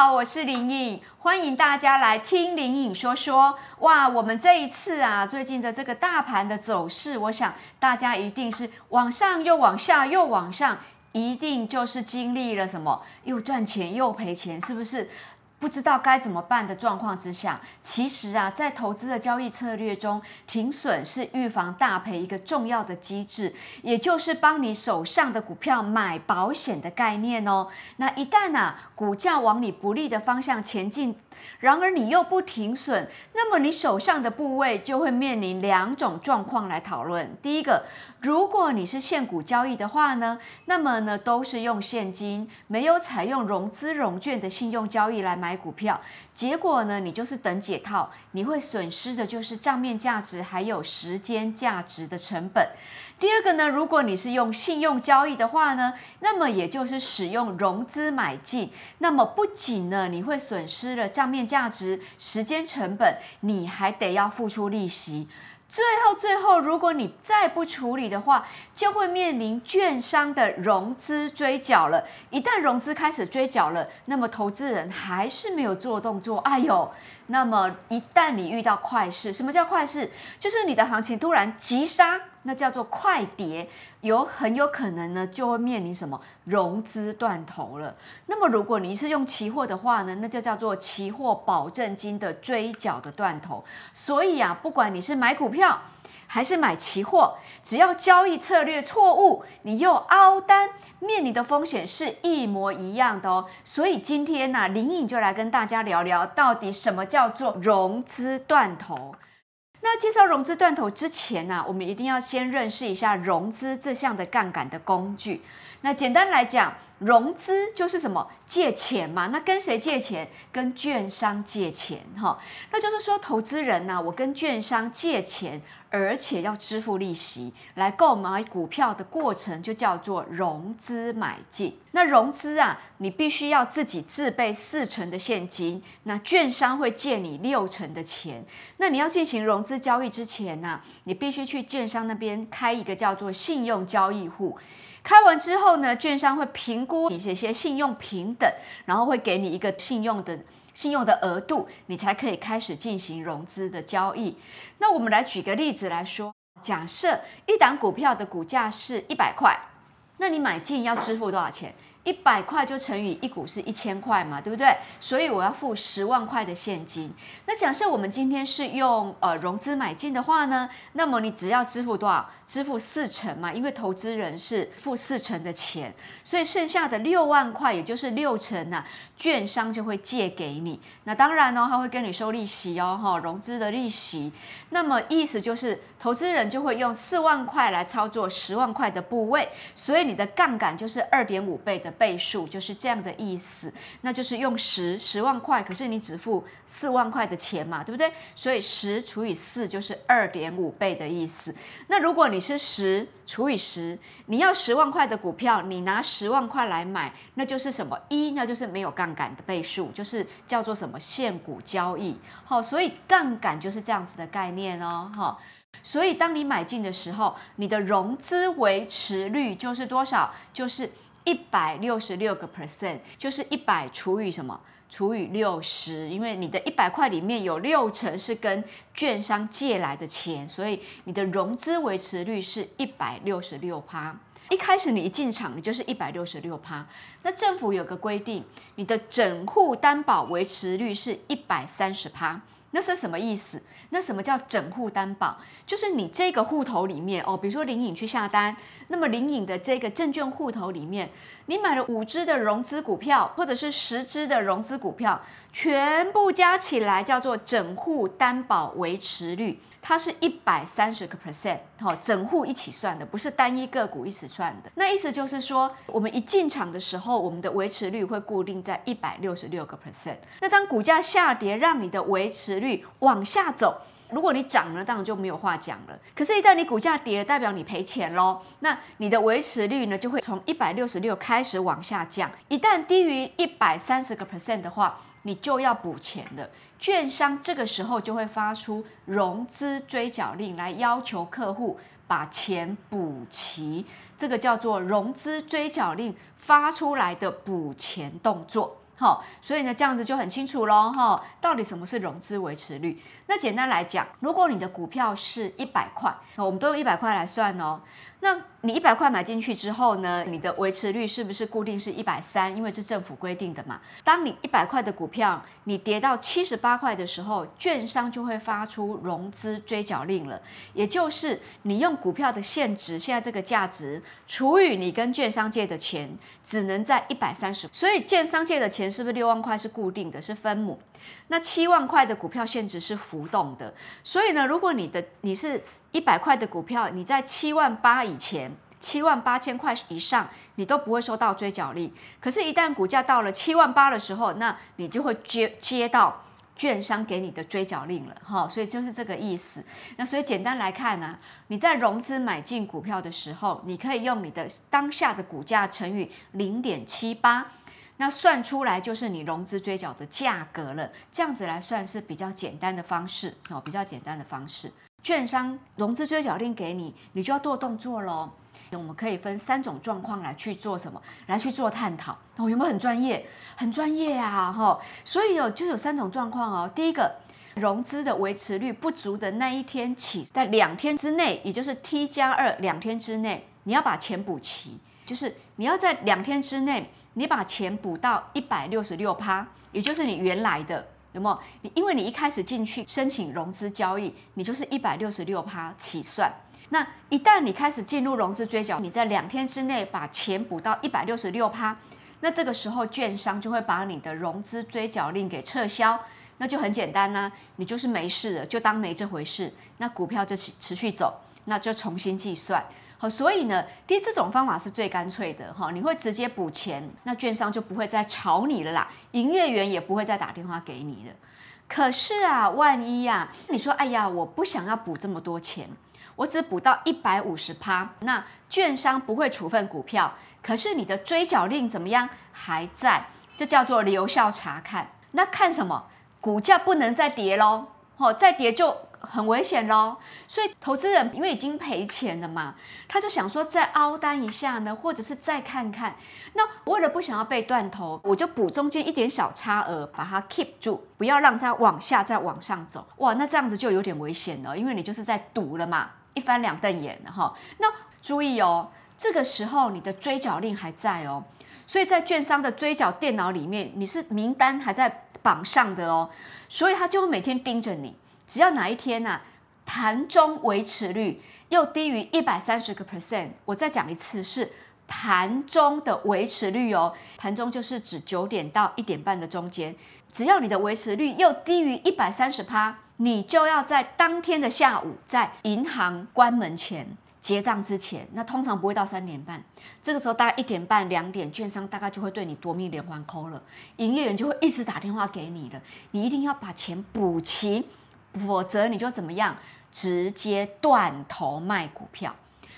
好，我是林穎，歡迎大家來聽林穎說說。哇，我們這一次啊，最近的這個大盤的走勢，我想大家一定是往上又往下又往上，一定就是經歷了什麼，又賺錢又賠錢，是不是？不知道該怎麼辦的狀況之下，其實啊，在投資的交易策略中，停損是預防大賠一個重要的機制，也就是幫你手上的股票買保險的概念哦。那一旦啊，股價往你不利的方向前進。然而你又不停損，那麼你手上的部位就會面臨兩種狀況來討論。第一個，如果你是現股交易的話呢，那麼呢都是用現金，沒有採用融資融券的信用交易來買股票，結果呢你就是等解套，你會損失的就是賬面價值還有時間價值的成本。第二個呢，如果你是用信用交易的話呢，那麼也就是使用融資買進，那麼不僅呢你會損失了賬面價值、時間成本，你還得要付出利息。最後，最後，如果你再不處理的話，就會面臨券商的融資追繳了。一旦融資開始追繳了，那麼投資人還是沒有做動作，哎呦，那麼一旦你遇到壞事，什麼叫壞事？就是你的行情突然急殺。那叫做快跌，有很有可能呢，就會面臨什麼融資斷頭了。那麼如果你是用期貨的話呢，那就叫做期貨保證金的追繳的斷頭。所以啊，不管你是買股票還是買期貨，只要交易策略錯誤，你又凹單，面臨的風險是一模一樣的哦。所以今天呢、啊，林穎就來跟大家聊聊，到底什麼叫做融資斷頭。那介紹融資斷頭之前呢、啊，我們一定要先認識一下融資這項的槓桿的工具。那簡單來講，融資就是什麼？借錢嘛。那跟誰借錢？跟券商借錢哈。那就是說，投資人吶、啊，我跟券商借錢。而且要支付利息來購買股票的過程就叫做融資買進。那融資啊，你必須要自己自備四成的現金，那券商會借你六成的錢。那你要進行融資交易之前呢、啊，你必須去券商那邊開一個叫做信用交易戶。開完之後呢，券商會評估你這些，些信用評等，然後會給你一個信用的。信用的額度，你才可以開始進行融資的交易。那我們來舉個例子來說，假設一檔股票的股價是一百塊，那你買進要支付多少錢？一百塊就乘以一股是一千塊嘛，對不對？所以我要付十萬塊的現金。那假設我們今天是用呃融資買進的話呢，那麼你只要支付多少？支付四成嘛，因為投資人是付四成的錢，所以剩下的六萬塊，也就是六成吶、啊，券商就會借給你。那當然呢、喔，他會跟你收利息哦、喔，哈、喔，融資的利息。那麼意思就是，投資人就會用四萬塊來操作十萬塊的部位，所以你的槓桿就是二點五倍的。倍數就是這樣的意思，那就是用十十萬塊，可是你只付四萬塊的錢嘛，對不對？所以十除以四就是二點五倍的意思。那如果你是十除以十，你要十萬塊的股票，你拿十萬塊來買，那就是什麼一？1, 那就是沒有槓桿的倍數，就是叫做什麼現股交易。好、哦，所以槓桿就是這樣子的概念哦，好、哦，所以當你買進的時候，你的融資維持率就是多少？就是。一百六十六個 percent 就是一百除以什麼？除以六十，因為你的一百塊裡面有六成是跟券商借來的錢，所以你的融資維持率是一百六十六趴。一開始你一進場，你就是一百六十六趴。那政府有個規定，你的整戶擔保維持率是一百三十趴。那是什麼意思？那什麼叫整戶擔保？就是你這個戶頭裡面哦，比如說林穎去下單，那麼林穎的這個證券戶頭裡面，你買了五隻的融資股票，或者是十隻的融資股票，全部加起來叫做整戶擔保維持率。它是一百三十個 percent，哈，整戶一起算的，不是單一個股一起算的。那意思就是說，我們一進場的時候，我們的維持率會固定在一百六十六個 percent。那當股價下跌，讓你的維持率往下走。如果你漲了，當然就沒有話講了。可是，一旦你股價跌了，代表你賠錢嘍。那你的維持率呢，就會從一百六十六開始往下降。一旦低於一百三十個 percent 的話，你就要補錢的，券商這個時候就會發出融資追繳令，來要求客戶把錢補齊，這個叫做融資追繳令發出來的補錢動作。好，所以呢，這樣子就很清楚嘍。哈，到底什麼是融資維持率？那簡單來講，如果你的股票是一百塊，那我們都用一百塊來算哦。那你一百塊買進去之後呢？你的維持率是不是固定是一百三？因為這是政府規定的嘛。當你一百塊的股票你跌到七十八塊的時候，券商就會發出融資追繳令了。也就是你用股票的現值，現在這個價值除以你跟券商借的錢，只能在一百三十。所以券商借的錢是不是六萬塊是固定的，是分母？那七萬塊的股票現值是浮動的。所以呢，如果你的你是。一百塊的股票，你在七萬八以前，七萬八千塊以上，你都不會收到追繳令。可是，一旦股價到了七萬八的時候，那你就會接接到券商給你的追繳令了，哈。所以就是這個意思。那所以簡單來看呢，啊，你在融資買進股票的時候，你可以用你的當下的股價乘以零點七八，那算出來就是你融資追繳的價格了。這樣子來算是比較簡單的方式，哦，比較簡單的方式。券商融資追繳令給你，你就要做動作嘍。那我們可以分三種狀況來去做什麼，來去做探討。哦，有沒有很專業？很專業啊，吼。所以哦，就有三種狀況哦。第一個，融資的維持率不足的那一天起，在兩天之內，也就是 T 加二兩天之內，你要把錢補齊，就是你要在兩天之內，你把錢補到一百六十六趴，也就是你原來的。有沒有？你因為你一開始進去申請融資交易，你就是一百六十六趴起算。那一旦你開始進入融資追繳，你在兩天之內把錢補到一百六十六趴，那這個時候券商就會把你的融資追繳令給撤銷。那就很簡單呢，啊，你就是沒事了，就當沒這回事，那股票就持持續走，那就重新計算。好，所以呢，第這種方法是最乾脆的哈，你會直接補錢，那券商就不會再吵你了啦，營業員也不會再打電話給你了。可是啊，萬一呀、啊，你說，哎呀，我不想要補這麼多錢，我只補到一百五十趴，那券商不會處分股票，可是你的追繳令怎麼樣還在。這叫做留校察看。那看什麼？股價不能再跌嘍，好，再跌就。很危險咯，所以投資人因為已經賠錢了嘛，他就想說再凹單一下呢，或者是再看看。那為了不想要被斷頭，我就補中間一點小差額，把它 keep 住，不要讓它往下再往上走。哇，那這樣子就有點危險了，因為你就是在賭了嘛，一翻兩瞪眼了哈。那注意哦，這個時候你的追繳令還在哦，所以在券商的追繳電腦裡面，你是名單還在榜上的哦，所以他就會每天盯着你。只要哪一天呢、啊，盤中維持率又低於一百三十個 percent，我再講一次是盤中的維持率哦，盤中就是指九點到一點半的中間，只要你的維持率又低於一百三十趴，你就要在當天的下午在銀行關門前結賬之前，那通常不會到三點半，這個時候大概一點半兩點，券商大概就會對你奪命連環 call 了，營業員就會一直打電話給你了，你一定要把錢補齊。否則你就怎麼樣？直接斷頭賣股票。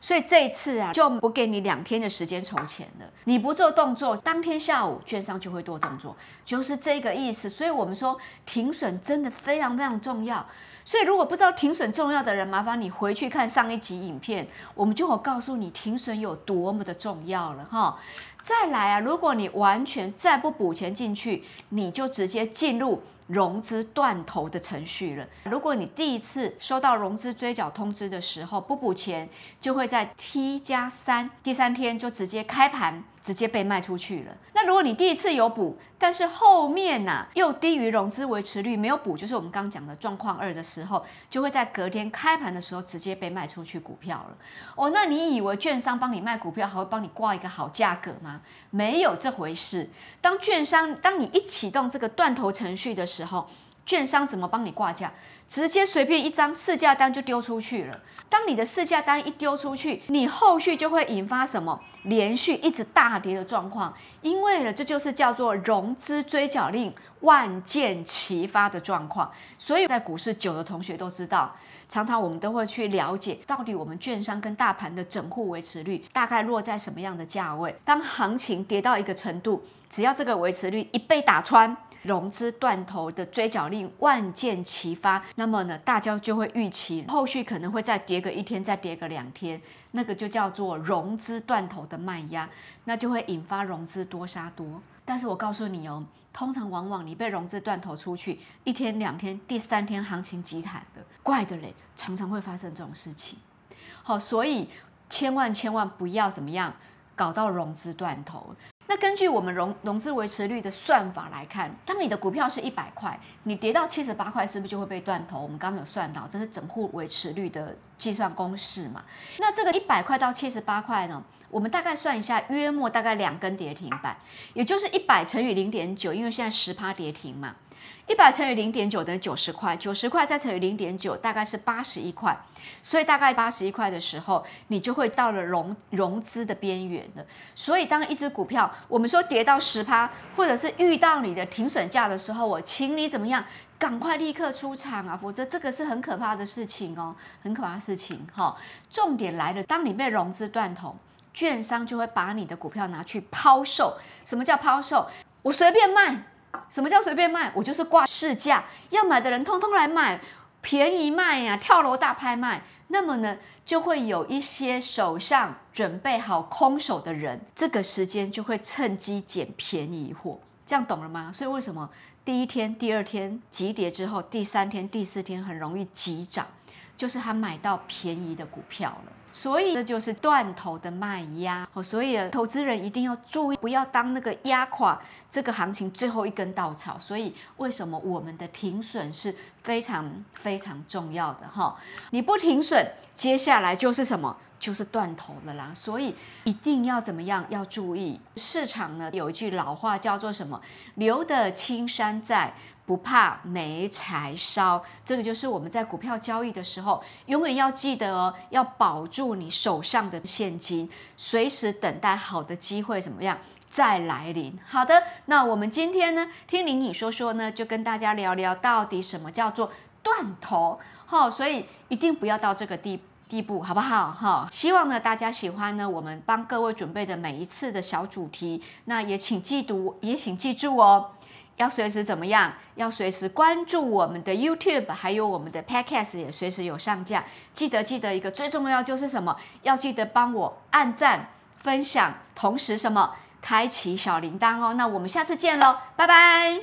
所以這一次啊，就不給你兩天的時間籌錢了。你不做動作，當天下午券商就會做動作，就是這個意思。所以我們說停損真的非常非常重要。所以如果不知道停損重要的人，麻煩你回去看上一集影片，我們就會告訴你停損有多麼的重要了哈。再來啊，如果你完全再不補錢進去，你就直接進入。融資斷頭的程序了。如果你第一次收到融資追繳通知的時候不補錢，就會在 T 加三第三天就直接開盤。直接被賣出去了。那如果你第一次有補，但是後面呢、啊、又低於融資維持率，沒有補，就是我們剛講的狀況二的時候，就會在隔天開盤的時候直接被賣出去股票了。哦，那你以為券商幫你賣股票還會幫你掛一個好價格嗎？沒有這回事。當券商當你一啟動這個斷頭程序的時候。券商怎麼幫你掛價？直接隨便一張市價單就丟出去了。當你的市價單一丟出去，你後續就會引發什麼連續一直大跌的狀況？因為呢，這就是叫做融資追繳令萬箭齊發的狀況。所以，在股市久的同學都知道，常常我們都會去了解，到底我們券商跟大盤的整戶維持率大概落在什麼樣的價位？當行情跌到一個程度，只要這個維持率一被打穿。融資斷頭的追繳令萬箭齊發，那麼呢，大家就會預期後續可能會再跌個一天，再跌個兩天，那個就叫做融資斷頭的賣壓，那就會引發融資多殺多。但是我告訴你哦，通常往往你被融資斷頭出去一天兩天，第三天行情急彈的，怪的嘞，常常會發生這種事情。好，所以千萬千萬不要怎麼樣，搞到融資斷頭。那根據我們融融資維持率的算法來看，當你的股票是一百塊，你跌到七十八塊，是不是就會被斷頭？我們剛剛有算到，這是整戶維持率的計算公式嘛。那這個一百塊到七十八塊呢？我們大概算一下，約莫大概兩根跌停板，也就是一百乘以零點九，因為現在十趴跌停嘛。一百乘以零點九等於九十塊，九十塊再乘以零點九，大概是八十一塊。所以大概八十一塊的時候，你就會到了融融資的邊緣了。所以當一隻股票，我們說跌到十趴，或者是遇到你的停損價的時候，我請你怎麼樣，趕快立刻出場啊，否則這個是很可怕的事情哦、喔，很可怕的事情、喔。哈，重點來了，當你被融資斷頭，券商就會把你的股票拿去拋售。什麼叫拋售？我隨便賣。什麼叫隨便賣？我就是掛市價，要買的人通通來賣。便宜賣呀、啊，跳樓大拍賣。那麼呢，就會有一些手上準備好空手的人，這個時間就會趁機撿便宜貨，這樣懂了嗎？所以為什麼第一天、第二天急跌之後，第三天、第四天很容易急漲？就是他買到便宜的股票了，所以這就是斷頭的賣壓，所以投資人一定要注意，不要當那個壓垮這個行情最後一根稻草。所以為什麼我們的停損是非常非常重要的哈？你不停損，接下來就是什麼？就是斷頭的啦。所以一定要怎麼樣？要注意市場呢？有一句老話叫做什麼？留得青山在。不怕沒柴燒，這個就是我們在股票交易的時候，永遠要記得哦，要保住你手上的現金，隨時等待好的機會怎麼樣再來臨。好的，那我們今天呢，聽林穎說說呢，就跟大家聊聊到底什麼叫做斷頭哈、哦，所以一定不要到這個地地步，好不好哈、哦？希望呢大家喜歡呢，我們幫各位準備的每一次的小主題，那也請記讀，也請記住哦。要隨時怎麼樣？要隨時關注我們的 YouTube，還有我們的 Podcast 也隨時有上架。記得記得一個最重要就是什麼？要記得幫我按讚、分享，同時什麼？開啟小鈴鐺哦。那我們下次見嘍，拜拜。